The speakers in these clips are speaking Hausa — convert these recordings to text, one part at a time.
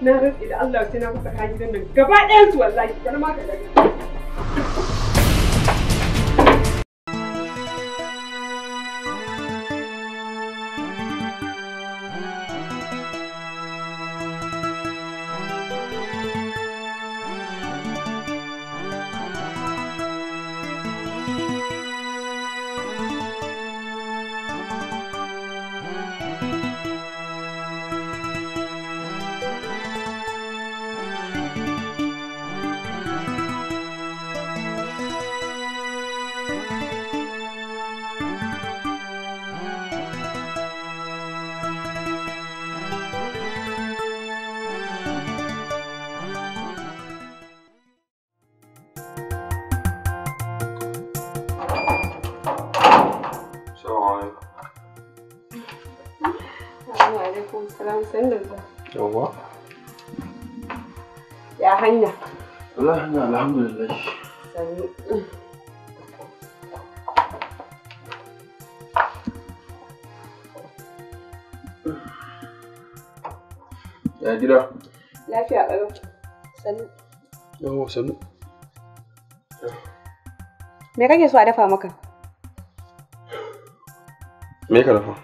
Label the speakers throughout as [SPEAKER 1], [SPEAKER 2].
[SPEAKER 1] na rantsi da Allah sai na fasa kayan gidan nan gaba ɗayan su wallahi kar ma ka gani
[SPEAKER 2] Ina alhamdulillah.
[SPEAKER 3] Ya gida?
[SPEAKER 1] Lafiya ƙalau. Sannu. Yawo sannu. Me kake so a dafa maka? Me ka dafa?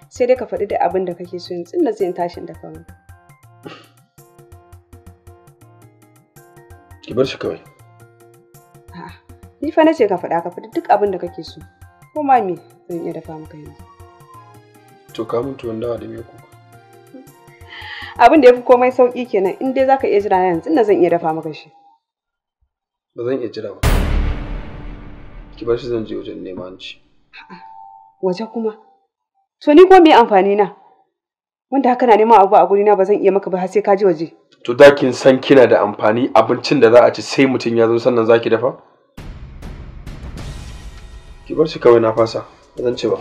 [SPEAKER 1] Sai dai ka faɗi da abin da kake so yanzu inda zai tashin dafa maka. ki bar shi kawai ni fa nace ka faɗa ka faɗi duk abin da kake so ko ma me zan iya dafa maka yanzu
[SPEAKER 2] to ka mun tuwon dawa da me ku
[SPEAKER 1] abin da yafi komai sauki kenan in dai zaka iya jira yanzu ina zan iya dafa maka shi
[SPEAKER 2] ba zan iya jira ba ki bar shi zan je wajen neman ci
[SPEAKER 1] waje kuma to ni ko me amfani na wanda haka na neman abu a gurina ba zan iya maka ba har sai ka ji waje
[SPEAKER 2] to da kin san kina da amfani abincin da za a ci sai mutum ya zo sannan zaki dafa ki bar shi kawai na fasa zan ce ba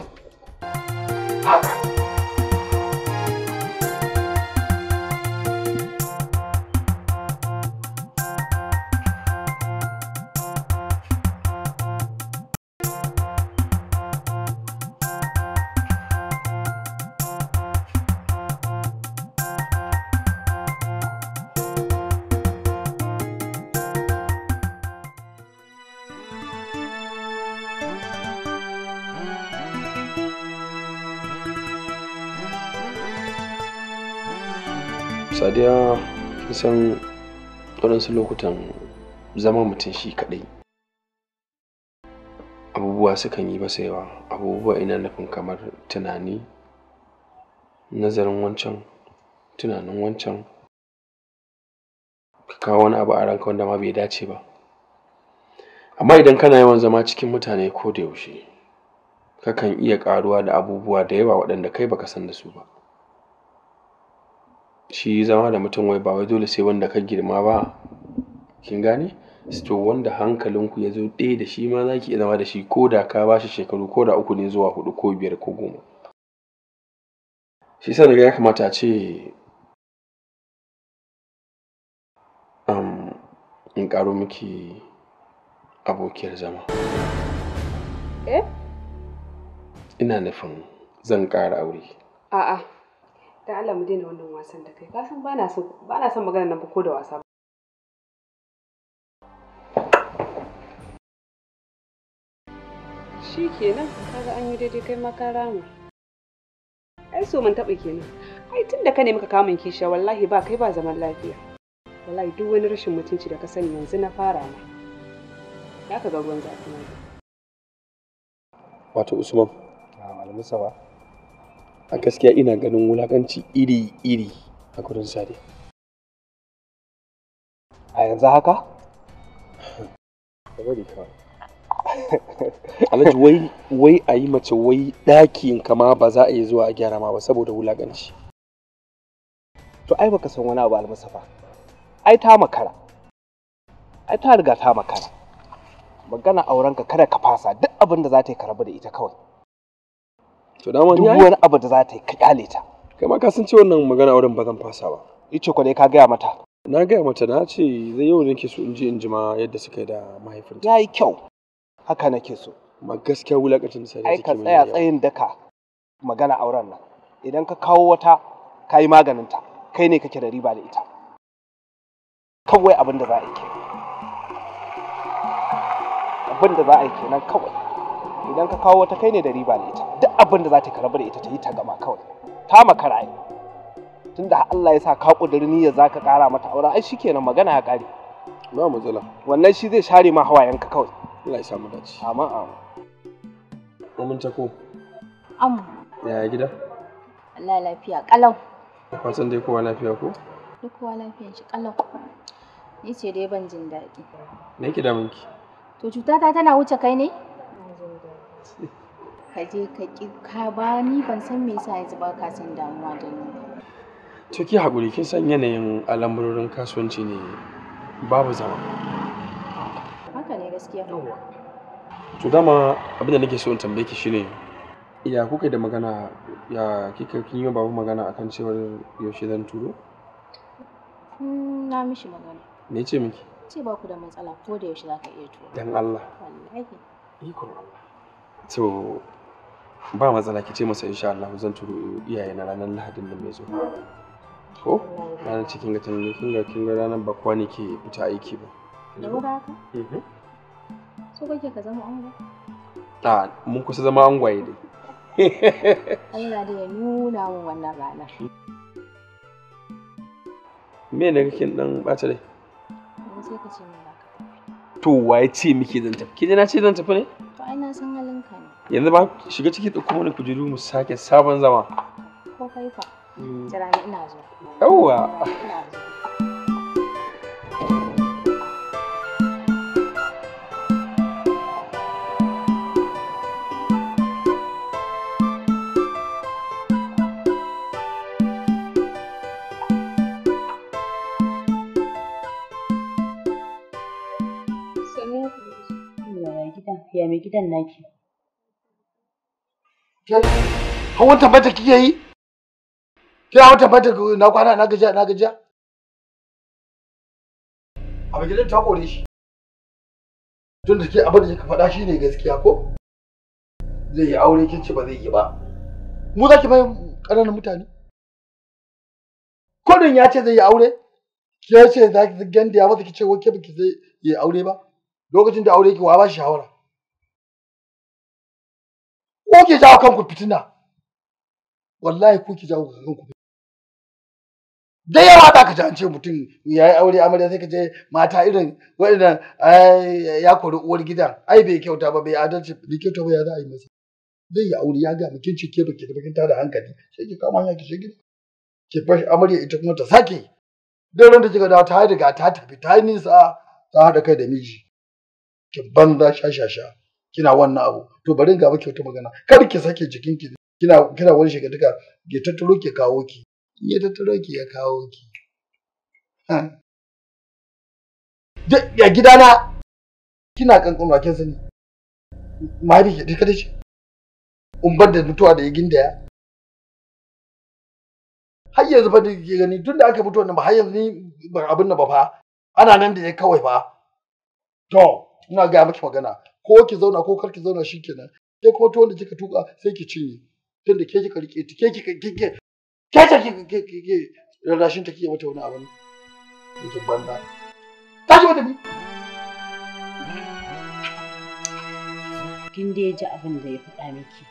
[SPEAKER 2] waɗansu lokutan zama mutum shi kaɗai abubuwa sukan yi masa yawa abubuwa ina nufin kamar tunani nazarin wancan tunanin wancan ka kawo wani abu a ranka wanda ma bai dace ba amma idan kana yawan zama cikin mutane ko da yaushe kakan iya ƙaruwa da abubuwa da yawa waɗanda kai baka san da su ba shi zama da mutum wai ba wai dole sai wanda ka girma ba. Kin gane? To wanda hankalinku ya zo ɗaya da shi ma zaki iya zama da shi ko da ka bashi shekaru ko da uku ne zuwa huɗu ko biyar ko goma.
[SPEAKER 4] Shi yasa naga ya kamata a um, in ƙaro miki
[SPEAKER 2] abokiyar zama. Eh? Ina nufin zan ƙara aure.
[SPEAKER 1] A'a. da Allah mu daina wannan wasan da kai kasan ba na son ba
[SPEAKER 4] na son magana nan ko da wasa shi kenan kaga an yi daidai kai ma ka rama
[SPEAKER 1] ai so mun taɓa kenan ai tun da ka ne muka kamun kisha wallahi ba kai ba zaman lafiya wallahi duk wani rashin mutunci da ka sani yanzu na fara ma ya
[SPEAKER 4] ka ga ruwan zafi
[SPEAKER 2] wato usman almusawa a gaskiya ina ganin wulakanci iri-iri a gurin sadiya a yanzu haka? alhaji wai wai a yi mace wai ɗakin kama ba za a yi zuwa a gyara ma ba saboda wulakanci to ai baka san wani abu ba ai ta makara ai ta riga ta makara magana aurenka kada ka fasa duk abin da za ta yi karabu da ita kawai to wani abu da za ta yi ka kyale ta kai ma ka san cewa wannan magana auren ba zan fasa ba ice ko ne ka gaya mata na gaya mata na ce zai yau nake so in ji in ji ma yadda suka yi da mahaifinta yayi kyau haka nake so ma gaskiya wulakacin da sai ai ka tsaya tsayin daka magana auren nan idan ka kawo wata ka yi maganin ta kai ne kake da riba da ita kawai abin da za a yi kenan abin da za a yi kenan kawai idan ka kawo ta kai ne da riba ne ita duk abin da za ta karabu da ita ta yi ta gama kawai ta makara yi tunda Allah ya sa ka kudiri niyyar za ka kara mata aure ai shikenan magana ya kare ba matsala wannan shi zai share ma hawayenka kawai Allah ya mu dace amma amma mun ko. am yaya gida
[SPEAKER 5] Allah lafiya kalau
[SPEAKER 2] fatan dai kowa lafiya ko
[SPEAKER 5] duk kowa lafiyan shi kalau ni ce dai ban jin daɗi
[SPEAKER 2] me mun damunki
[SPEAKER 5] to cutata tana wuce kai ne ka je ka ki ka ba ni ban san me yasa yanzu ba ka san damuwa da ni
[SPEAKER 2] ciki hakuri kin san yanayin al'amurorin kasuwanci ne babu zama
[SPEAKER 5] haka ne gaskiya
[SPEAKER 2] to dama abin da nake so in tambaye ki shine ya kuka da magana ya kika kin yi babu magana akan cewar yaushe zan turo
[SPEAKER 5] hmm, na mishi magana me ce miki ce ba ku da matsala ko da yaushe za ka iya turo dan Allah wallahi ikon Allah
[SPEAKER 2] So, ba matsala ki ce masa insha Allah zan turo iyaye na ranar Lahadin nan mai zuwa ko ranar cikin ga kin ga kin ga ranar ba ne ke fita aiki ba
[SPEAKER 5] mhm. so kake ka zama ango
[SPEAKER 2] ta mun kusa zama angwaye dai
[SPEAKER 5] Allah da ya nuna
[SPEAKER 2] me ne kake dan bata dai
[SPEAKER 5] sai ka ce min ba
[SPEAKER 2] to waye zan tafi kin na ce zan tafi ne yanzu ba shiga ciki da kuma kujeru mu sake sabon zama ko kai fa mm. jira
[SPEAKER 5] ni ina zo
[SPEAKER 4] Ya mai gidan naki. hawan tabbata kike yi ke hawan tabbata na kwana na gajiya na gajiya a gidan ta kore shi tun da ke abin da kika faɗa shi ne gaskiya ko zai yi aure kin ce ba zai yi ba
[SPEAKER 6] mu za ki bai ƙananan mutane kodin ya ce zai yi aure ke ce za ki ganda ya ba ki ce wai ke ba ki zai yi aure ba lokacin da aure ki wa
[SPEAKER 4] ba shi shawara ko ke jawo kanku fitina wallahi ko ke jawo kanku da yawa da ka jance ce
[SPEAKER 6] mutum ya yi aure amarya sai ka je mata irin waɗannan ya kori uwar gidan ai bai kyauta ba bai adalci bai kyauta ba ya za a yi masa zai yi aure ya ga mukin ba ke da bakin tada hankali sai ki kama hanya ki gida ki fashi amarya ita kuma ta sake don ran da kika dawo ta daga ta tafi ta yi nisa ta haɗa kai da miji ki banza shashasha kina wannan abu to bari ga maki wata magana kar ki sake jikin ki kina kina wani shiga duka Ki tattaro ki kawo ki ya tattaro ki ya kawo ki
[SPEAKER 4] ya gidana kina kankanwa kin sani mari ki dika dace umbar da mutuwa da ya gindaya
[SPEAKER 6] har yanzu fa dake ke gani tunda aka fito nan ba har yanzu ni ba abin nan ba fa ana nan da ya kawai fa to ina ga miki magana ko ki zauna ko kar ki zauna shikenan ke kuma to wanda kika tuka sai ki cinye tunda ke kika rike ta ke kika ke ke ta ke ke rarrashin ta kike mata wani abu ne. kike banda ta ji mata bi
[SPEAKER 5] kin da ya ji abin da ya faɗa miki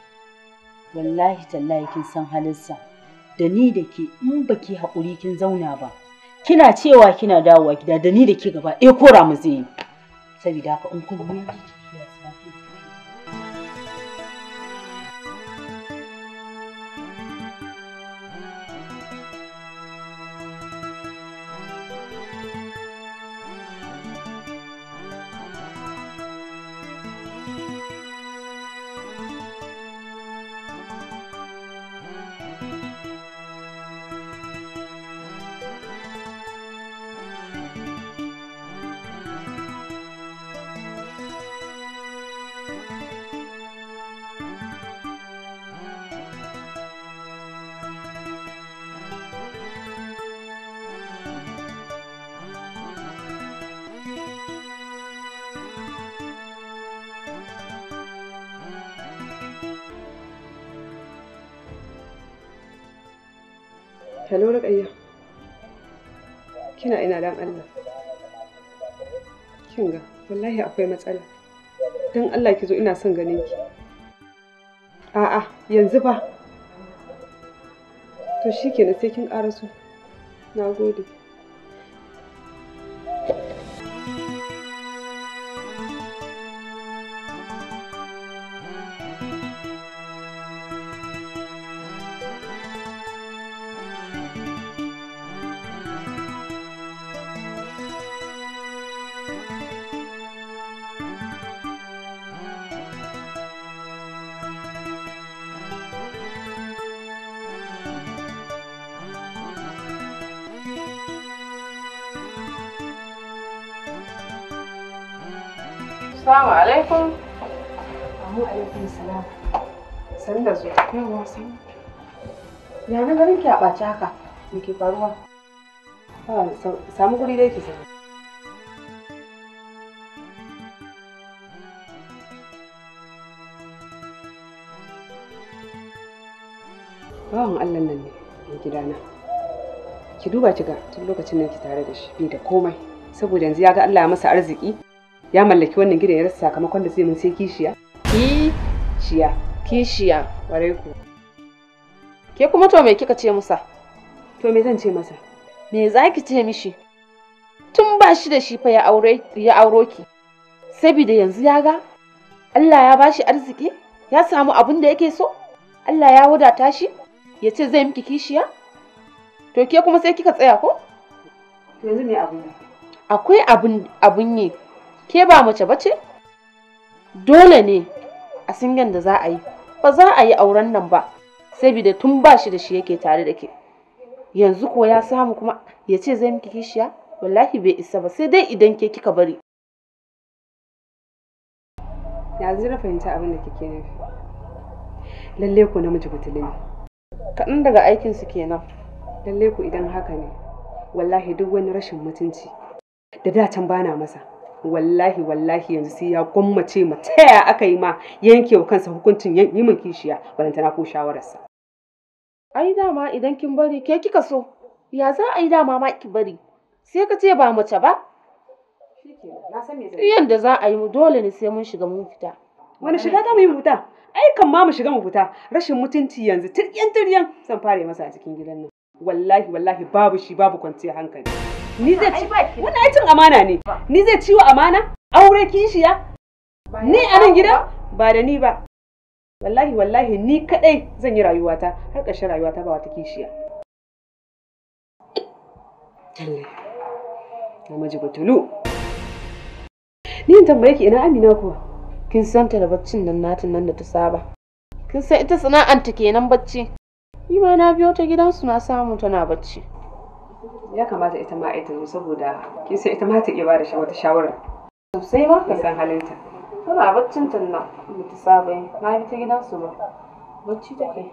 [SPEAKER 5] wallahi tallahi kin san halinsa da ni da ke in baki haƙuri kin zauna ba kina cewa kina dawowa gida da ni da ke gaba ɗaya kora mu zai yi saboda haka in kun biya
[SPEAKER 1] Hello Raƙayya. Kina ina dan Allah. Kin ga wallahi akwai matsala. Dan Allah ki zo ina son ganin ki. A'a yanzu ba. To shikenan sai kin ƙaraso. Na gode. da Yawwa san. Ya garin ki a ɓaci haka me ke faruwa? Samu guri dai ki zama. Bawan Allah nan ne a gidana. Ki duba ki ga tun lokacin nan ki tare da shi bai da komai. Saboda yanzu ya ga Allah ya masa arziki ya mallaki wannan gidan ya rasa sakamakon da zai mun sai kishiya. shiya. kishiya ware ku ke kuma to me kika ce musa to me zan ce masa me za ki ce mishi
[SPEAKER 7] tun ba shi da shi fa ya aure ya auro ki saboda yanzu ya ga Allah ya bashi arziki ya samu abin da yake so Allah ya wadata shi ya ce zai miki kishiya to ke kuma sai kika tsaya ko
[SPEAKER 1] to yanzu me abun
[SPEAKER 7] akwai abun abun yi ke ba mace bace dole ne a singan da za a yi ba za a yi auren nan ba saboda tun ba shi da shi yake tare da ke yanzu ko ya samu kuma ya ce zai miki kishiya wallahi bai isa ba sai dai idan ke kika bari
[SPEAKER 1] Ya zira fahimta abin da kike nufi lalle ku namiji butuli ne kaɗan daga aikin su kenan lalle ku idan haka ne wallahi duk wani rashin mutunci da dacan bana masa wallahi wallahi yanzu sai ya gwammace mu ta ya aka yi ma yankewa kansa hukuncin yi min kishiya balantana ko shawararsa
[SPEAKER 7] ai dama idan kin bari ke kika so ya za a yi dama ma ki bari sai ka ce ba mace ba yadda za a yi dole ne sai mun
[SPEAKER 1] shiga mun fita wani shiga ta mu yi fita ai kan ma mu shiga mu fita rashin mutunci yanzu tiryan tiryan zan fara masa a cikin gidan nan wallahi wallahi babu shi babu kwanciyar hankali ni zai ci wannan ai cin amana ne ni zai ciwo amana aure kishiya ni a nan gidan ba da ni ba wallahi wallahi ni kadai zan yi rayuwata har ƙarshen rayuwata ba wata kishiya namiji batulu ni in tambaye ki ina amina kuwa kin san ta da baccin nan natin nan da ta saba
[SPEAKER 7] kin san ita sana'anta kenan bacci ni na biyo ta gidansu na samu tana bacci
[SPEAKER 1] ya kamata ita ma ita saboda kin sai ita ma ta iya ba da wata shawara sosai ma ka san halinta
[SPEAKER 7] tana baccin ta na saba sabai na yi ta gidan su ba
[SPEAKER 1] bacci kai.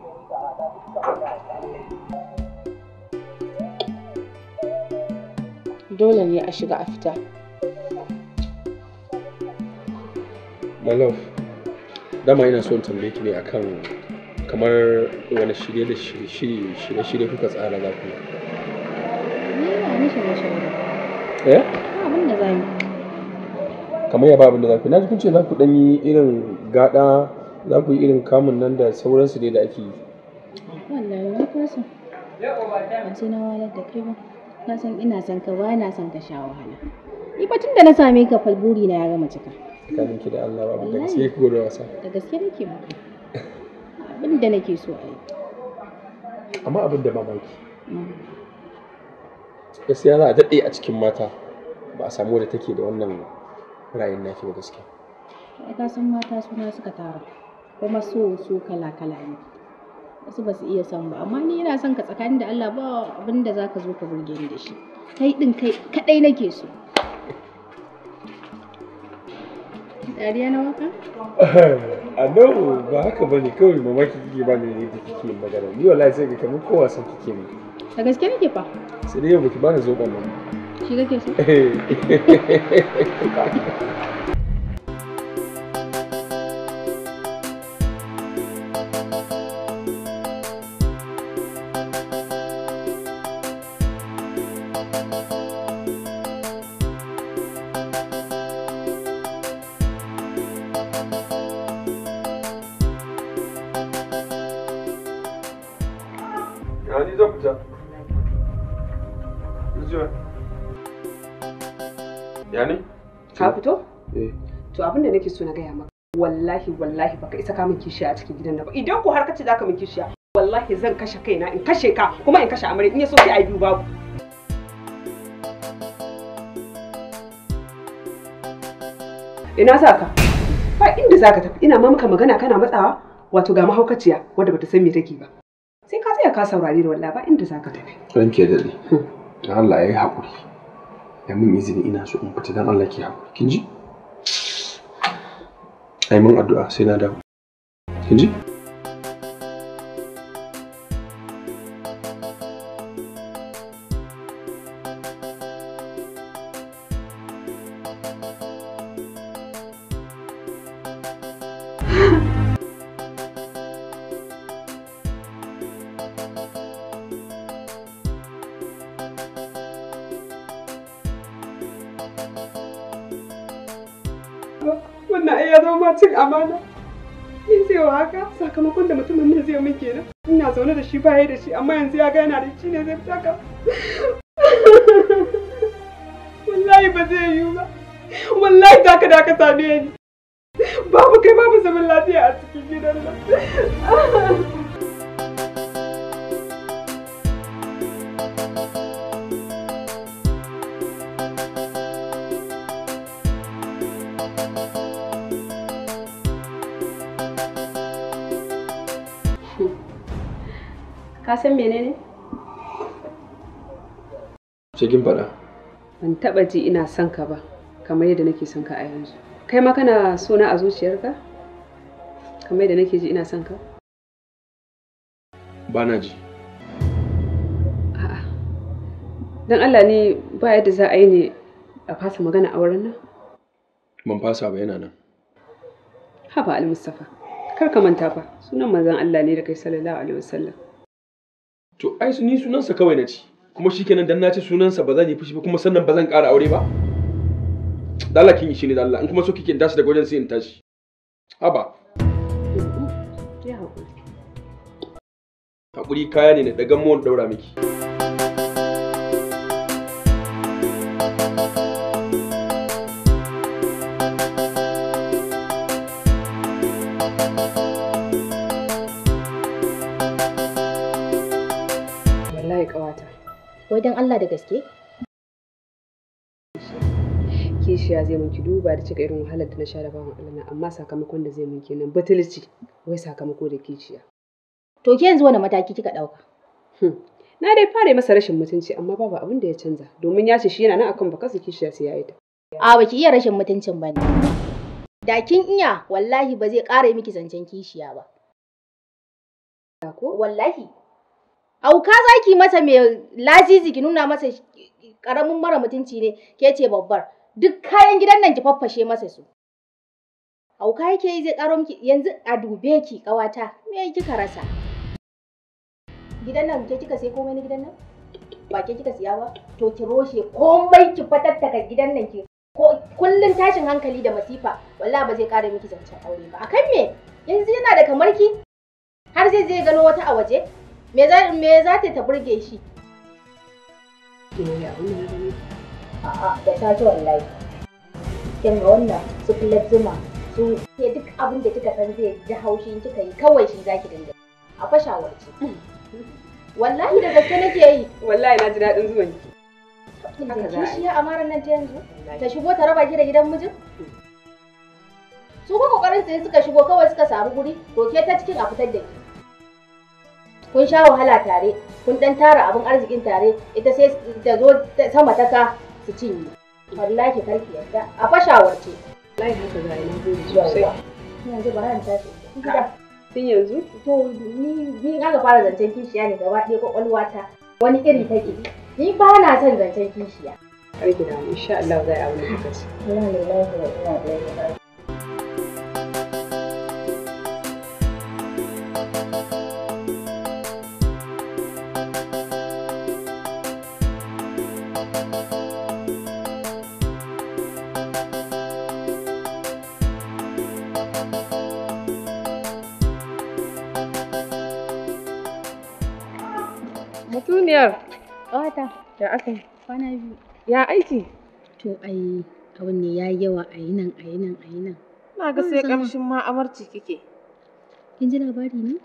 [SPEAKER 7] dole ne a shiga a fita
[SPEAKER 2] my love dama ina son tambaye ki ne akan kamar wani shirye da shirye shirye kuka tsara za ku eh abin da zamu kamar ya ba abin da zaku na ji ce za ku dan yi irin gada za ku yi irin kamun nan da sauransu dai da ake yi
[SPEAKER 5] wallahi na kasa ban sai na walar da kai ba na san ina san ka ba na san ka sha wahala ni fa tunda na same ka falburi na ya gama cika
[SPEAKER 2] kanin ki da Allah ba da gaske ku da wasa
[SPEAKER 5] da gaske nake maka abin da nake so a yi
[SPEAKER 2] amma abin da mamaki mm. gaskiya za a daɗe a cikin mata ba a samu da take da wannan ra'ayin naki ba gaskiya
[SPEAKER 5] ka san mata suna suka tara kuma so su kala kala ne wasu ba su iya son ba amma ni yana son ka tsakanin da Allah ba abin da ka zo ka burge ni da shi kai din kai kadai nake so dariya na waka
[SPEAKER 2] a ba haka bane kawai mamaki kike ba ne da kike magana ni wallahi sai ga kamar kowa san kike ne
[SPEAKER 5] da gaske nake fa
[SPEAKER 2] sai dai yau baki bani zoban ba
[SPEAKER 5] shi kake so
[SPEAKER 3] eh.
[SPEAKER 1] to abin da nake so na gaya maka wallahi wallahi baka isa ka min kishiya a cikin gidan nan ba idan ko har ka ce zaka min kishiya wallahi zan kashe kaina in kashe ka kuma in kashe amare in ya so sai a biyu babu ina za ka ba inda za ka tafi ina ma maka magana kana matsawa wato ga mahaukaciya wadda bata san me take ba sai ka tsaya ka saurare da wallahi ba inda za ka tafi
[SPEAKER 2] dan ke dade dan Allah yayi hakuri ya mun izini ina so in fita dan Allah ke hakuri kin ji sai mun addu'a sai na dawo kin ji
[SPEAKER 1] bayar da shi amma yanzu ya ga yana da shi ne zai fita ka wallahi ba zai yiwu ba wallahi ta ka da ka same ni jirgin fada. Ban taba ji ina son ka ba, kamar yadda nake son ka a yanzu. Kai ma kana suna a zuciyarka? Kamar yadda nake ji ina son ka? Ba na ji. A'a. Don Allah ne ba yadda za a yi ne a fasa magana a wurin nan?
[SPEAKER 2] Ban fasa ba yana nan.
[SPEAKER 1] Haba Al-Mustapha, kar ka manta fa, sunan manzon Allah ne da kai sallallahu alaihi wasallam.
[SPEAKER 2] To ai ni sunansa kawai na ci. kuma shikenan dan nace ce sunansa ba zan yi fushi ba kuma sannan ba zan ƙara aure ba da Allah kin shi ne da Allah in kuma so kike tashi daga wajen sai in tashi haba hakuri kaya ne na daga mu daura miki
[SPEAKER 1] wai dan Allah da gaske kishiya zai minki duba da cika irin wahalar da na sha da bawan Allah amma sakamakon da zai min nan batulci wai sakamako da kishiya to ke yanzu wani mataki kika dauka hmm. na dai fara masa rashin mutunci amma babu abin da ya canza domin ya ce shi yana nan akan baka su kishiya sai yayi ta a baki iya rashin mutuncin bane da kin
[SPEAKER 5] iya wallahi ba zai kare miki zancen kishiya ba ko wallahi auka zaki mata mai lazizi ki nuna mata karamin mara mutunci ne ke ce babbar duk kayan gidan nan ki faffashe masa su auka yake yi zai karo miki yanzu a dube ki kawata me kika rasa gidan nan ke kika sai komai na gidan nan ba ke kika siya ba to ki roshe komai ki fatattaka gidan nan ki ko kullun tashin hankali da masifa wallahi ba zai kare miki zancen aure ba akan me yanzu yana da kamar ki har zai zai gano wata a waje me za me za ta burge shi a'a da ta wallahi kin ga wannan su filet zuma su ke duk abin da kika san zai ji haushi in kika yi kawai shi zaki dinga a fa shawarci
[SPEAKER 1] wallahi da gaske nake yi wallahi na ji daɗin zuwan
[SPEAKER 5] ki haka za a yi amaran nan ta yanzu ta shigo ta raba ki da gidan mijin hmm. su ko kokarin su suka shigo kawai suka samu guri to ke ta cikin a fitar da ki kun sha wahala tare kun dan tara abin arzikin tare ita sai ta zo sama ta ka su cinye wallahi karki yarda a fashawarce wallahi haka ga ina zuwa sosai yanzu ba ran tashi tun yanzu to ni ni ga fara zancen kishiya ne gaba ɗaya kwakwalwa ta wani iri take ni ba na son zancen kishiya
[SPEAKER 1] kar ki da insha Allah zai aure ki kace
[SPEAKER 3] wallahi wallahi
[SPEAKER 5] ginniyar. Wata. Ya aka yi? Kwana biyu. Ya aiki? To ai abin ne ya yawa a yi nan a yi nan a yi nan. Na ga sai ƙamshin
[SPEAKER 7] ma amarci kike.
[SPEAKER 5] Kin ji labari ne?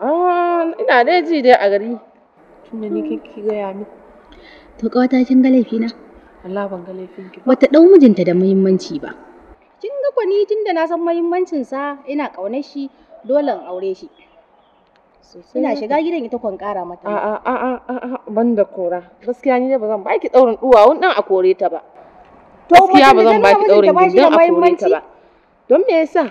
[SPEAKER 5] Ah, ina
[SPEAKER 7] dai ji dai a gari. Tunda ni hmm. kike ya ni.
[SPEAKER 5] To ƙawata kin ga na.
[SPEAKER 7] Allah ban ga laifin ki.
[SPEAKER 5] Wata ɗau mijinta da muhimmanci ba. Kin ga kwani tunda na san muhimmancin sa ina ƙaunar shi dole in aure shi. ina shiga gidan ita kon kara mata a
[SPEAKER 7] a a a banda kora gaskiya ni ne ba zan baki daurin duwawun dan a kore ta ba gaskiya ba zan baki daurin dan a kore ta ba
[SPEAKER 5] don me yasa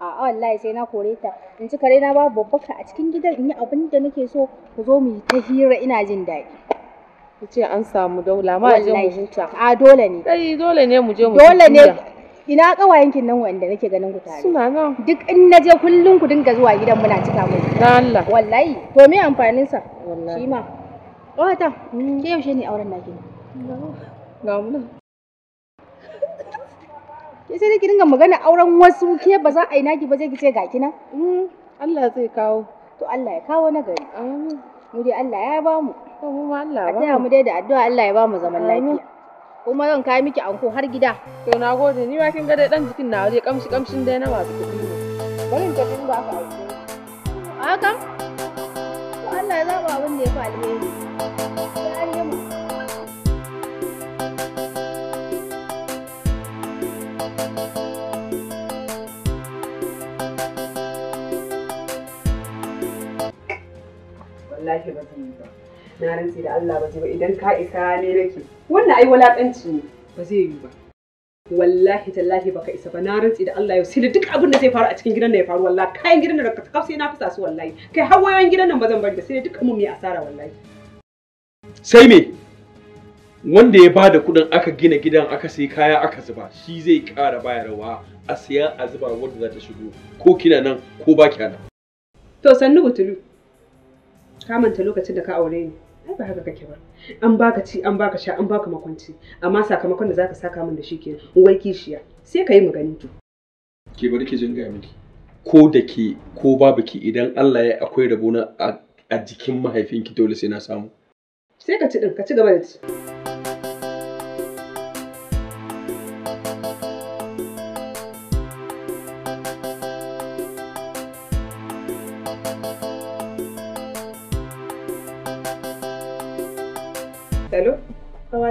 [SPEAKER 5] a'a wallahi sai na kore ta in ci kare na babu babbaka a cikin gidan in yi abin da nake so ku zo mu yi ta hira ina jin daɗi ku ce an samu daula ma je mu huta a dole ne Sai dole ne mu je mu dole ne ina kawayen kin nan wanda nake ganin ku tare suna nan duk in naje kullun ku dinga zuwa gidan muna cika mu na Allah wallahi to me amfanin sa wallahi shi ma wata ke yaushe ne auren naki ga mu ke sai ki dinga magana auren wasu ke ba za a yi naki ba zai ki ce ga kina mm, Allah zai kawo to Allah ya kawo na gari amin mu dai Allah ya ba mu to mu ma Allah ya ba mu dai da addu'a Allah ya ba mu zaman lafiya kuma zan kai miki anko har gida to na gode ni ma kin ga dai dan jikin na waje kamshi kamshin dai na
[SPEAKER 4] masu kuɗi ne
[SPEAKER 1] bari in tafi ba ka aike
[SPEAKER 5] haka to Allah ya zaba abin da ya fi alheri
[SPEAKER 1] Thank you. na rantse da Allah ba je ba idan ka isa ne nake wannan ai wulakanci ne ba zai yi ba wallahi tallahi baka isa ba na rantse da Allah yau sai duk abin da zai faru a cikin gidan da ya faru wallahi kayan gidan da ka kaf sai na fasa su wallahi kai har wayoyin gidan nan ba zan bari ba sai duk mun yi asara wallahi
[SPEAKER 2] sai me wanda ya bada kuɗin aka gina gidan aka sai kaya aka zuba shi zai ƙara bayarwa a siya a zuba wanda za ta shigo ko kina nan ko ba kina nan
[SPEAKER 1] to sannu butulu ka manta lokacin da ka aure ni ba haka kake ba an baka ci an baka sha an baka makwanci amma sakamakon da zaka saka min da shi ke wai kishiya sai ka yi magani to
[SPEAKER 2] ke bari ke jin gaya miki ko da ke ko babu ki idan Allah ya akwai rabona a jikin mahaifinki dole sai na samu
[SPEAKER 1] sai ka ci din ka ci gaba da ci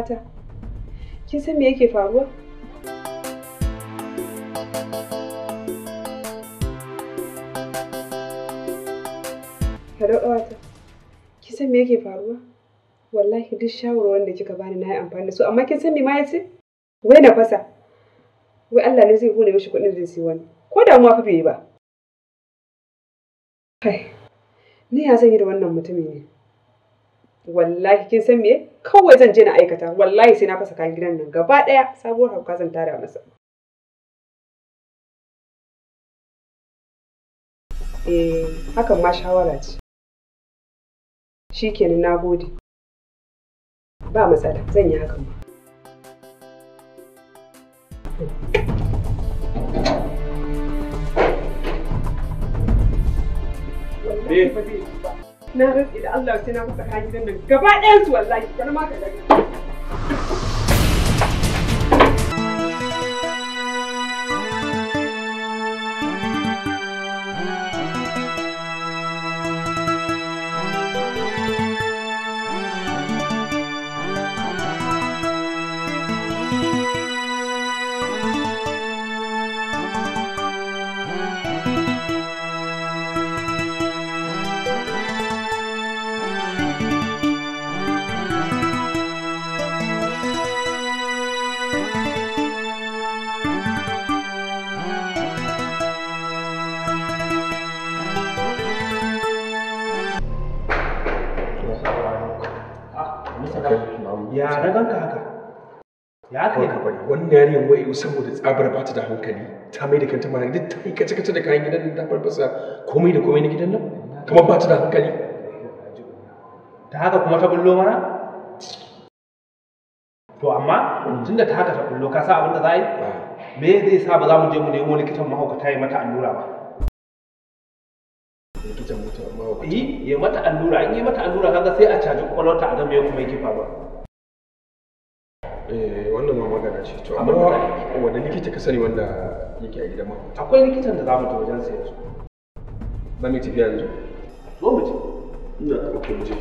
[SPEAKER 1] mata kin san me yake faruwa Hello ƙawata, kin san me yake faruwa? Wallahi duk shawarwarin da kika bani na yi amfani da su, amma kin san me ma ya ce? Wai na fasa. Wai Allah ne zai hune mishi kuɗin zai siyo wani. Ko da mu fa bai yi
[SPEAKER 4] ba. Kai,
[SPEAKER 1] ni ya san yi da wannan mutumin ne? Wallahi kin san me? kawai zan je na aikata wallahi sai na fasa
[SPEAKER 4] kayan gidan nan gaba ɗaya sabuwar hauka zan tara masa eh hakan ma shawara ce shikenan na gode ba matsala zan yi hakan ma
[SPEAKER 3] na
[SPEAKER 1] rantsi da Allah sai na kusa kayan gidan gaba ɗayan su wallahi bari ma ka daga
[SPEAKER 2] wannan yarinyar wai saboda tsabar ba ta da hankali ta mai da kanta mara duk ta yi kace kace da kayan gidan nan ta farfasa komai da komai na gidan nan kamar ba ta da hankali ta haka kuma ta bullo mana to amma hmm. tunda ta haka ta bullo ka sa abin da za yi ah. me zai sa ba za mu je mu nemo likitan mahaukata ya
[SPEAKER 4] mata allura ba
[SPEAKER 3] likitan mahaukata
[SPEAKER 4] eh, ya mata allura in yi mata allura kaga sai a caji kwakwalwarta a ga me kuma yake faruwa
[SPEAKER 2] eh wannan ma magana ce to amma wanda likita ka sani wanda yake a gidan mako akwai likitan da zamu ta wajen sa yanzu ba mu tafi yanzu zo mu ina da mu je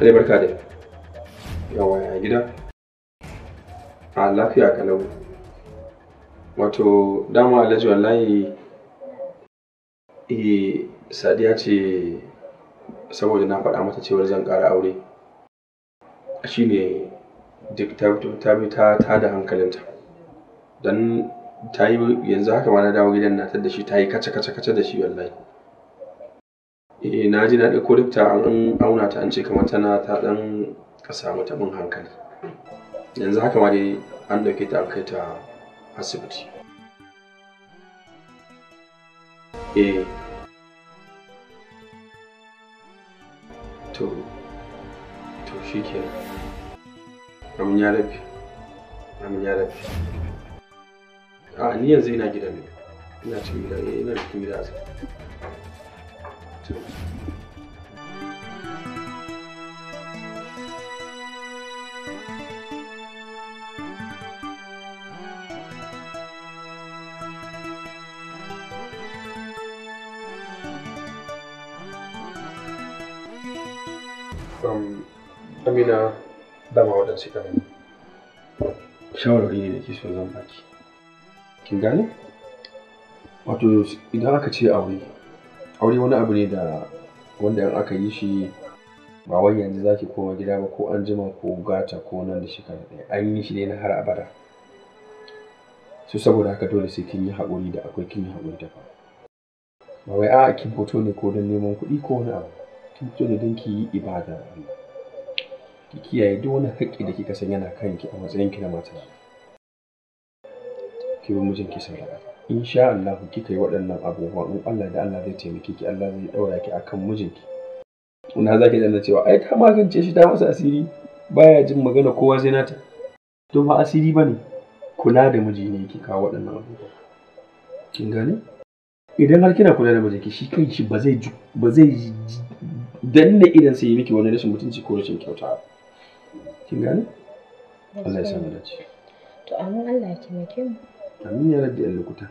[SPEAKER 2] Dare barka da yawa ya gida. A lafiya kalau. Wato dama alhaji wallahi eh Sadiya ce saboda na faɗa mata cewar zan ƙara aure. Shi ne duk ta bi ta tada hankalinta. Don ta yi yanzu haka ma na dawo gidan na da shi ta yi kaca kaca kaca da shi wallahi. eh na ji daɗi ko dakta an auna ta an ce kamar tana ta ɗan ka samu taɓin hankali yanzu haka ma dai an ɗauke ta an kai ta asibiti eh to to shi ke amin ya rafi amin ya rafi a ah, ni yanzu ina gida ne ina cikin gida eh, ina cikin gida asibiti Um, Amina dama waɗansu ƙarami. Shawarwari ne da ke so zan baki. Kin gane? Wato idan aka ce aure aure wani abu ne da wanda in aka yi shi ba wai yanzu zaki koma gida ba ko an jima ko gata ko nan da shekara ɗaya an yi shi ne na har abada su saboda haka dole sai kin yi haƙuri da akwai kin yi haƙuri da ba ba wai a'a kin fito ne ko don neman kuɗi ko wani abu kin fito ne don ki yi ibada ki kiyaye duk wani haƙƙi da kika san yana kanki a Ki na mata ki bi mijinki sadaka insha Allahu kika yi waɗannan abubuwan in Allah da Allah zai taimake ki Allah zai ɗaura ki akan mijinki na zaki danna cewa ai ta magance shi ta masa asiri baya jin magana kowa sai nata to ba asiri bane kula da miji ne yake kawo waɗannan abubuwa kin gane idan har kina kula da mijinki shi kanshi ba zai ba zai danna idan sai yi miki wani rashin mutunci ko rashin kyauta kin gane Allah ya mu dace
[SPEAKER 5] to amin Allah ya taimake mu
[SPEAKER 2] amin ya rabbi al-lokuta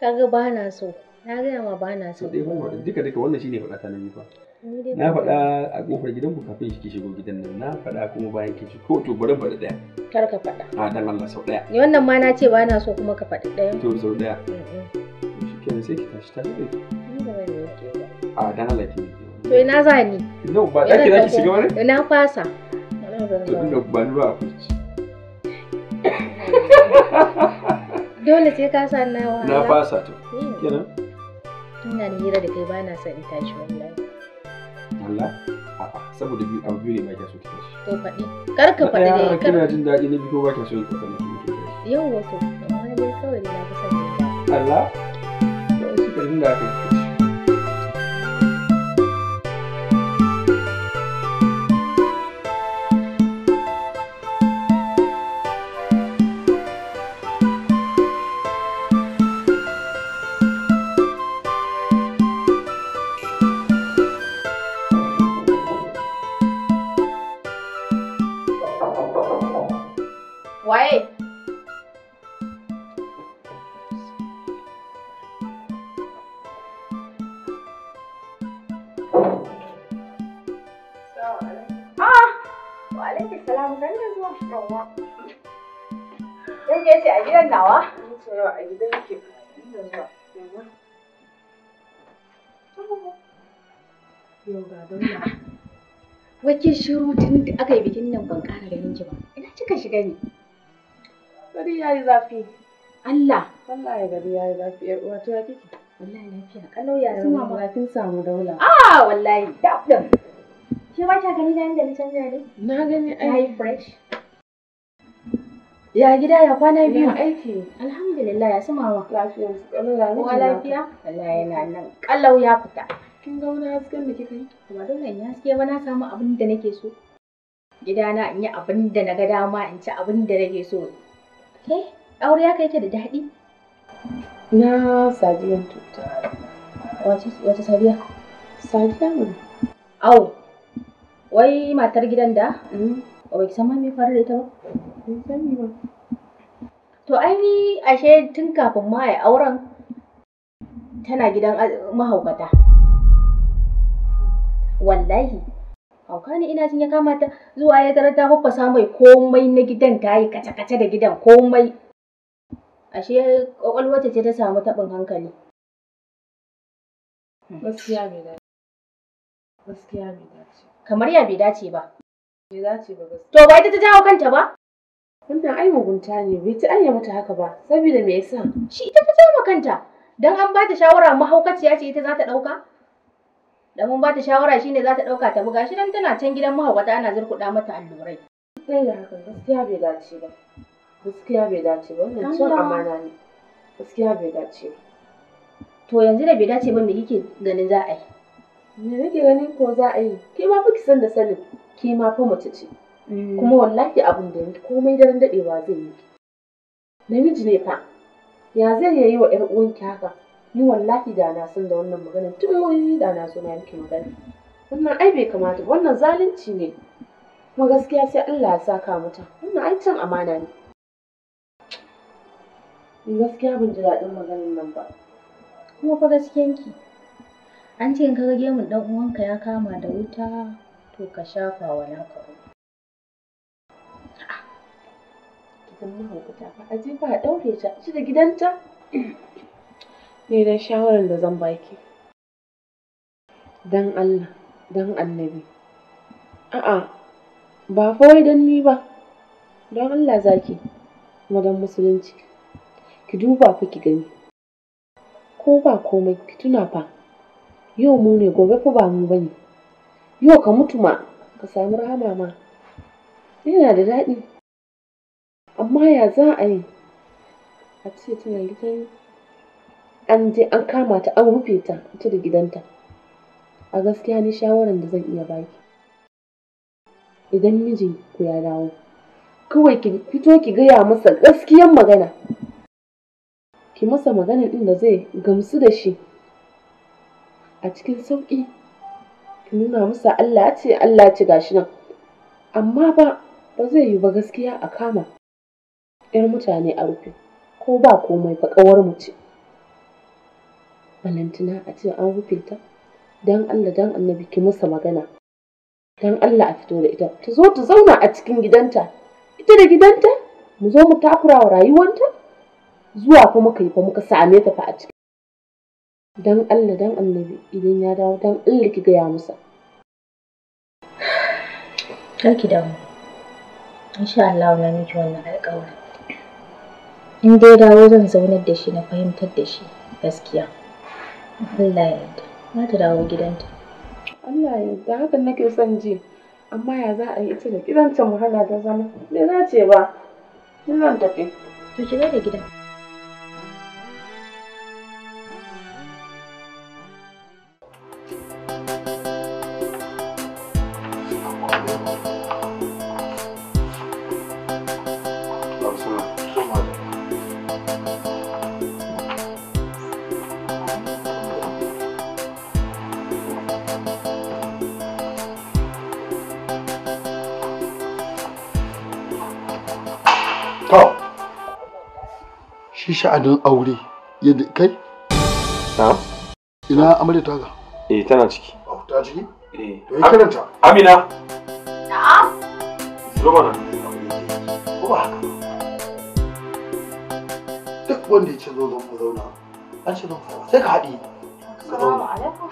[SPEAKER 5] kaga ba na so na gaya ma ba na so dai ba
[SPEAKER 2] duka duka wannan shine faɗa ta na fa na faɗa a kofar gidanku kafin shi shigo gidan nan na faɗa kuma bayan kici ko to bari faɗi ɗaya kar ka faɗa a ah, dan Allah sau daya.
[SPEAKER 5] ni wannan ma na ce ba na so kuma ka faɗi ɗaya
[SPEAKER 2] to sau ɗaya mm, mm. shikenan sai ki tashi ta
[SPEAKER 5] ɗaya
[SPEAKER 2] a ah, dan Allah ki
[SPEAKER 5] to ina za ni
[SPEAKER 2] no ba ɗaki za ki shiga wani
[SPEAKER 5] na fasa to dinga
[SPEAKER 2] ba ni ba a kurci
[SPEAKER 5] Dole sai ka sa na wahala. Na fasa to. Kenan? Ina da hira da kai ba na son in tashi wallahi.
[SPEAKER 2] Allah? A'a, saboda biyu abu biyu ne ba kya so ki tashi.
[SPEAKER 5] To faɗi. Kar ka faɗi dai. Kar kina
[SPEAKER 2] jin daɗi ne biyu ba kya so ki faɗi ki
[SPEAKER 5] tashi. Yau wato, amma dai kawai na kusa.
[SPEAKER 2] Allah? Kawai shi ka jin daɗi.
[SPEAKER 5] a gida yake shiru tun da aka yi bikin nan ban ƙara da ki ba ina kika shiga ne zafi Allah wallahi gari zafi ya kike wallahi lafiya kalau ya ba
[SPEAKER 7] kin samu daula
[SPEAKER 5] ah wallahi ba ta gani da inda ni canja ne na gani ai fresh Ya gida ya kwana biyu. aiki. Alhamdulillah ya sama wa. Lafiya su kalau ya lafiya? Allah yana nan kalau ya fita. Kin ga wani hasken da kika yi? Kuma dole in haske ba na samu abin da nake so. Gidana in yi abin da na ga dama in ci abin da nake so. Ke aure ya kai ki da daɗi? Na Sadiya tuta. Wace wace sadiya? Sadiya mu. Au. Wai matar gidan da? Mm. Ba ki san ma me faru da ita ba? sani ba. To ai ni ashe tun kafin ma ai auren tana gidan mahaukata. Wallahi. Hauka ne ina jin ya kamata. zuwa ya tarar ta faffasa mai komai
[SPEAKER 4] na gidan ta yi kace-kace da gidan komai. Ashe ta ce ta samu taɓin hankali. Gaskiya bai dace. Gaskiya bai dace. Kamar ya bai dace ba.
[SPEAKER 7] Bai dace ba gaskiya. To ba ita ta jawo
[SPEAKER 4] kanta
[SPEAKER 5] ba? Wannan ai mugunta ne, bai ta anya mata haka ba, saboda me yasa? Shi ita ta ma kanta, don an bata shawara mahaukaciya ce ita za ta ɗauka? Da mun bata shawara shine za ta ɗauka ta buga shi dan tana can gidan mahaukata ana zurkuda mata allurai. Sai da hakan gaskiya bai dace ba. Gaskiya bai dace ba, wannan cin amana ne. Gaskiya bai dace ba. To yanzu da bai dace ba me kike ganin za a yi?
[SPEAKER 7] Me nake ganin ko za a yi? Ke ma fa ki san da sanin, ke ma fa mace ce. Eh. kuma wallahi abin da komai daren daɗewa zai yi namiji ne fa ya zai yayi wa yar uwanki haka ni wallahi da na san da wannan magana tun wani da na so na yanke magana wannan ai bai kamata wannan zalunci ne kuma gaskiya sai Allah ya saka mata wannan ai can amana ne ni gaskiya ban ji daɗin
[SPEAKER 1] maganin nan ba
[SPEAKER 5] kuma fa gaskiyanki an ce in ka ga gemun dan uwanka ya kama da wuta to ka shafa wa naka
[SPEAKER 7] don mahaukata ba a jefa a ɗaure ta shi da gidanta ni dan shawarar da zan baki Dan Allah dan annabi a'a ba fa don ni ba don Allah zaki kuma don musulunci ki duba fa ki gani ko ba komai ki tuna fa yau mu ne gobe fa ba mu bane yau ka mutu ma ka samu rahama ma yana da daɗi amma ya za a yi a ce tana gidan an je an kama ta an rufe ta ita da gidanta a gaskiya ni shawaran da zan iya baki idan mijin ku ya dawo kawai ki fito ki gaya masa gaskiyan magana ki masa maganan ɗin da zai gamsu da shi a cikin sauƙi ki nuna masa Allah ce Allah ce gashi nan amma ba ba zai yi ba gaskiya a kama 'yar mutane a rufe ko ba komai fa ƙawar mu ce balantana a ce an rufe ta don Allah don annabi ki masa magana Don Allah a fito da ita ta zo ta zauna a cikin gidanta ita da gidanta mu zo mu takura wa rayuwanta zuwa kuma ka yi fa muka same ta fa a ciki. Don Allah don annabi idan ya dawo don Allah ki gaya masa
[SPEAKER 5] kar ki damu insha Allah na miki wannan alƙawarin. in dai dawo zan zaunar da shi na fahimtar da shi gaskiya Allah ya yarda za ta dawo gidanta
[SPEAKER 7] Allah ya yarda haka nake son ji amma ya za a yi ita da gidanta muhalla hana ta zama bai dace ba nan tafi to ki da gidan
[SPEAKER 6] sha'anin aure yadda kai? Na? Ina amarya ta ga? Eh tana ciki. Ta ciki? Eh. To yi karanta. Amina. Na'am. Romana. Ko ba haka? Duk wanda ya ce zo zo ku zauna. An ce zo mu sai ka haɗi.
[SPEAKER 3] Assalamu alaikum.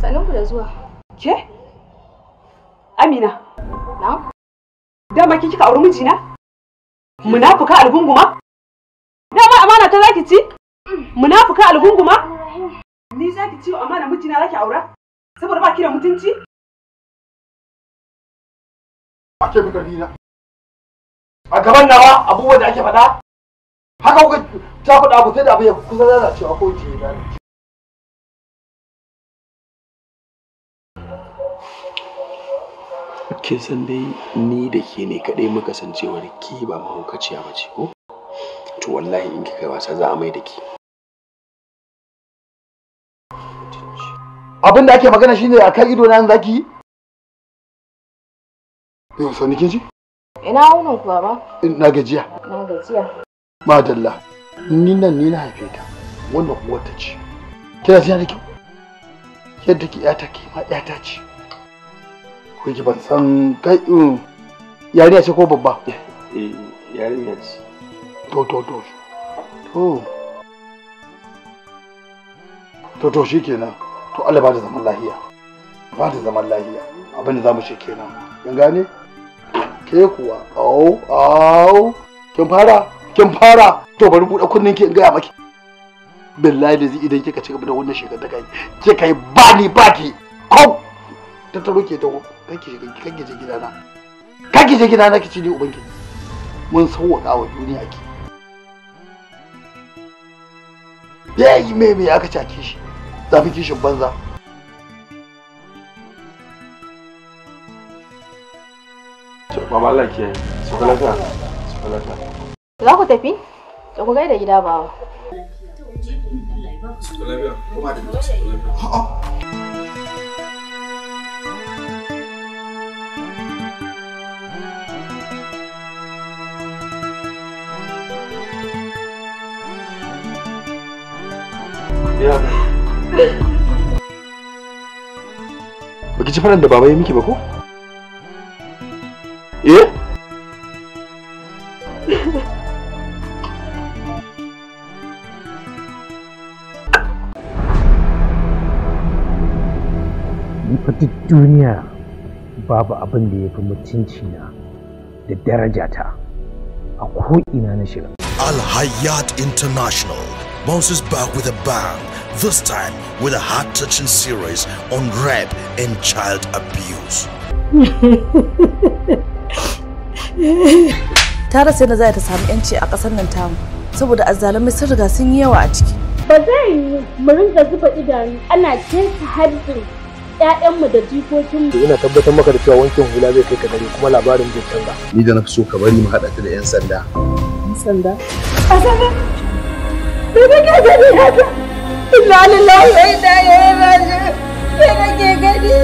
[SPEAKER 1] Sanin ku da zuwa. Ke? Amina.
[SPEAKER 4] Na'am. Dama kika auri mijina? munafuka algunguma dama amana ta zaki ci munafuka algunguma ni zaki ci amana mijina zaki aura saboda ba kira mutunci mutunci ce muka dina a gaban nawa abubuwan da ake faɗa haka kuka ta faɗa ku sai da abu ya kusa ce ko ce ya kin san dai ni da ke ne kaɗai muka san cewar ki ba mahaukaciya ba ce ko to wallahi in kika wasa za a mai da ki abin da ake magana shine a kan ido za zaki yi
[SPEAKER 6] yau eh, sani kin
[SPEAKER 4] ina wunin kuwa ba
[SPEAKER 6] na gajiya
[SPEAKER 4] na gajiya
[SPEAKER 6] madalla ni nan ni na haife ta wannan kuwa ta ce kina ji da kyau yadda ki ya ta ke ma ya ta ce kuki ban san kai mm, yarinya ce ko babba eh, eh yarinya ce to to to to to to kenan, to Allah ba da zaman lahiya ba da zaman lahiya abin da zamu shi kenan kin gane ke kuwa au au kin fara kin fara to bari buɗe kunnin ki in gaya maki billahi da idan kika ci gaba da wannan shekar da kai kika yi ba ni ba ki ko ta taro ke ta, kake kake je gidana kake je gidana ki ci ni ubangiji mun sauwaka wa duniya ki ya yi me aka cake shi zafi kishin banza Mama Allah ke su kalata su kalata.
[SPEAKER 5] Za ku tafi? Da ku gaida gida bawa.
[SPEAKER 3] Su kuma da su Ya.
[SPEAKER 2] Baki ci da baba ya miki ba ko? Eh? duk duniya babu abin da ya
[SPEAKER 6] fi mutunci na da darajata a ko'ina na shiga. Al Hayat International bounces back with a bang, this time with a heart touching series on rape and child abuse.
[SPEAKER 7] Ta rasa na za ta samu 'yanci a ƙasar nan tamu, saboda azzalumai sun riga sun yi yawa a ciki. Ba zai yi mu rinka zuba idanu ana keta harbin ƴaƴanmu da jikokinmu.
[SPEAKER 6] Ina tabbatar maka da cewa wankin hula zai kai ka dare kuma labarin bai canza. Ni da na fi so ka bari mu haɗa ta da ƴan sanda. 'Yan
[SPEAKER 2] sanda?
[SPEAKER 3] A sanda? me nake gani haka inna lillahi wa inna ilaihi raji'un me nake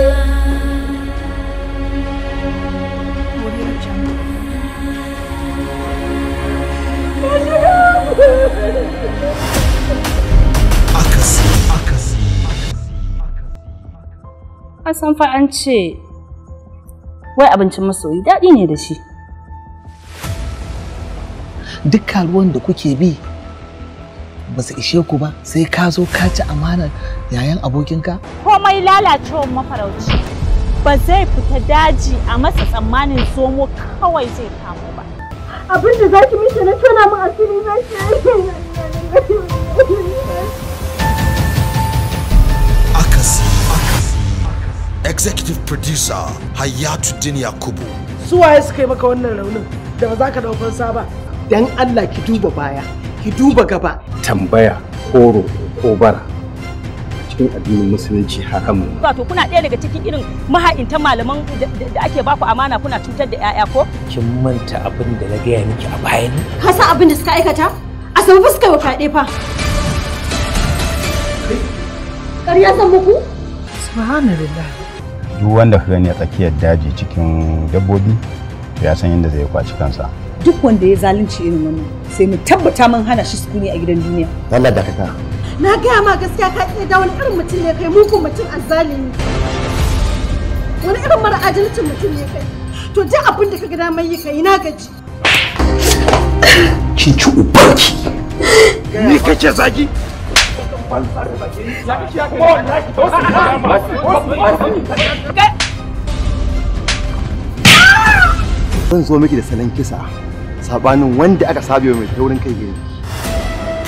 [SPEAKER 7] an san fa an ce wai abincin masoyi daɗi ne da shi
[SPEAKER 6] duk ruwan da
[SPEAKER 7] kuke bi ba su ishe ku ba sai ka zo ka ci amanar yayan abokinka? Komai lalacewar mafarauci ba zai fita daji a masa tsammanin zomo kawai zai kamo ba.
[SPEAKER 5] Abin da za ki mishi na tona mu asiri na
[SPEAKER 6] Akasi Executive Producer Hayatu Hayatuddin Yakubu.
[SPEAKER 7] Suwaye suka yi maka wannan raunin da ba za ka ɗaukar sa ba. Dan Allah ki duba baya. ki duba gaba
[SPEAKER 2] tambaya koro ko bara cikin addinin musulunci hakan mu
[SPEAKER 7] wato kuna ɗaya daga cikin irin maha'inta malaman da ake baku amana kuna cutar da 'ya'ya ko
[SPEAKER 2] kin manta abin da na gaya miki a ne?
[SPEAKER 7] ka san abin da suka aikata
[SPEAKER 5] a samu fuskar ɗaya fa ƙarya
[SPEAKER 1] san muku subhanallah
[SPEAKER 2] duk wanda ka gani a tsakiyar daji cikin dabbobi ya san yadda zai kwaci kansa
[SPEAKER 1] duk wanda ya zalunci irin wannan sai mu tabbata mun hana shi sukuni a gidan duniya Allah da kaka na gaya ma gaskiya ka iya
[SPEAKER 7] da wani irin mutum ne kai mugun mutum azzalimi wani irin mara adalcin mutum ne kai to duk abin da ka gida mai yi kai na gaji
[SPEAKER 6] Ki ci ubanki ni kace zagi Zan zo miki da salon kisa sabanin wanda aka sabe mai taurin kai gari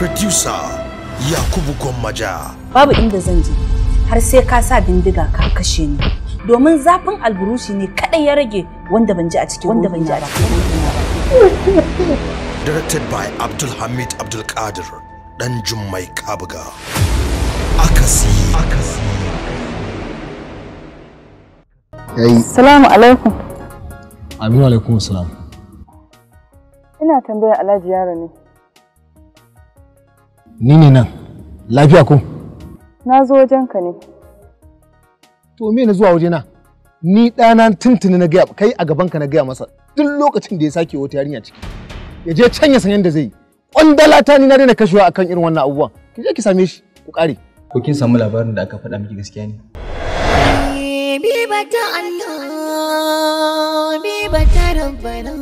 [SPEAKER 6] producer yakubu gwammaja
[SPEAKER 5] babu inda zan je
[SPEAKER 7] har sai ka sa bindiga ka kashe ni domin zafin alburushi ne kadai ya rage
[SPEAKER 5] wanda ban ji a cikin wanda ban ji a cikin
[SPEAKER 6] directed by Abdulhamid Abdulkadir dan Jummai Kabuga. Akasi. Akasi.
[SPEAKER 2] Salamu Assalamu alaikum. Aminu alaikum salam.
[SPEAKER 1] Ina tambaya Alhaji yaro ne.
[SPEAKER 6] Ni ne nan, lafiya ko?
[SPEAKER 1] Na zo wajenka
[SPEAKER 6] ne. To me na zuwa wajena? Ni ɗana tuntuni na gaya kai a gabanka na gaya masa duk lokacin da ya sake wata yarinya ciki. Ya je can ya san yadda zai yi. Ƙwandala ta ni na daina kashewa akan irin wannan abubuwan. Ki je ki same shi ku kare. Ko kin samu labarin da aka
[SPEAKER 4] faɗa miki gaskiya ne?
[SPEAKER 3] bata Allah, bibata Rabbana.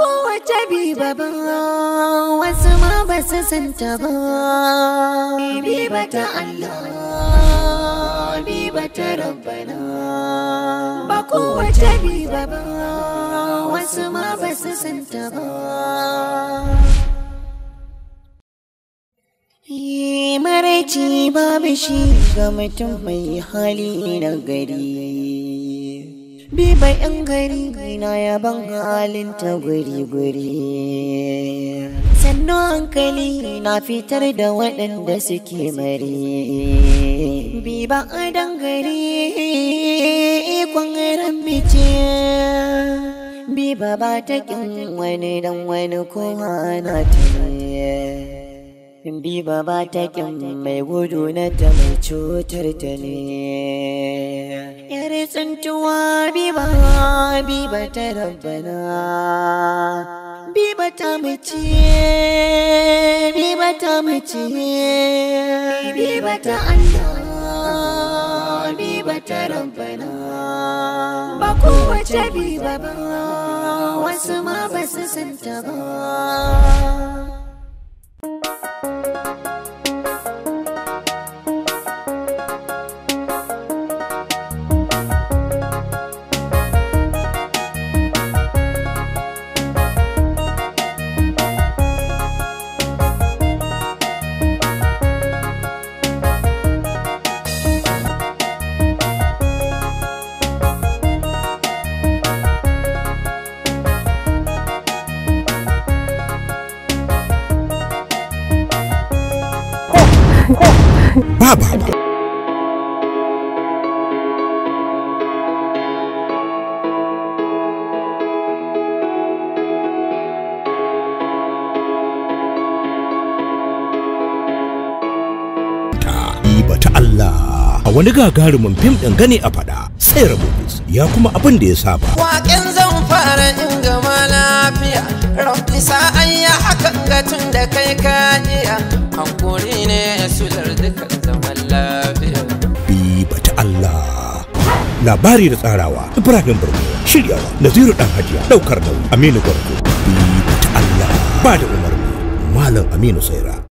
[SPEAKER 3] kowace biba ba wasu ma ba su santa ba biba ta Allah biba ta rabbana ba kowace biba ba wasu ma ba su santa ba maraici babu shi ga mutum mai hali na gari Biba yan gari na yaban halin ta guri-guri. Sannu hankali na fitar da waɗanda suke mari. Biba adan gari ikon bice Biba ba ta wani dan wani ko hana ta Biba ba ta kyan mai gudu na ta mai cutar ta ne. Yar tsintuwa biba biba ta rabbana. Biba ta mace, biba ta mace, biba ta Allah, biba ta rabbana. Ba kowace biba ba, wasu ma ba su santa ba.
[SPEAKER 2] wani gagarumin fim ɗin gani a faɗa sai rabobis ya kuma abin da ya saba.
[SPEAKER 7] waƙin zan fara in gama lafiya, rafi sa'an ya haka gatun da kai ka iya, hankuri ne su dukan
[SPEAKER 3] zaman lafiya.
[SPEAKER 2] Bi ta Allah. Labari da tsarawa, Ibrahim Burgo, shiryawa, Naziru ɗan hajiya, ɗaukar nauyi, Aminu Gwargo, bi ta Allah,
[SPEAKER 4] ba da umarni, Malam Aminu Saira.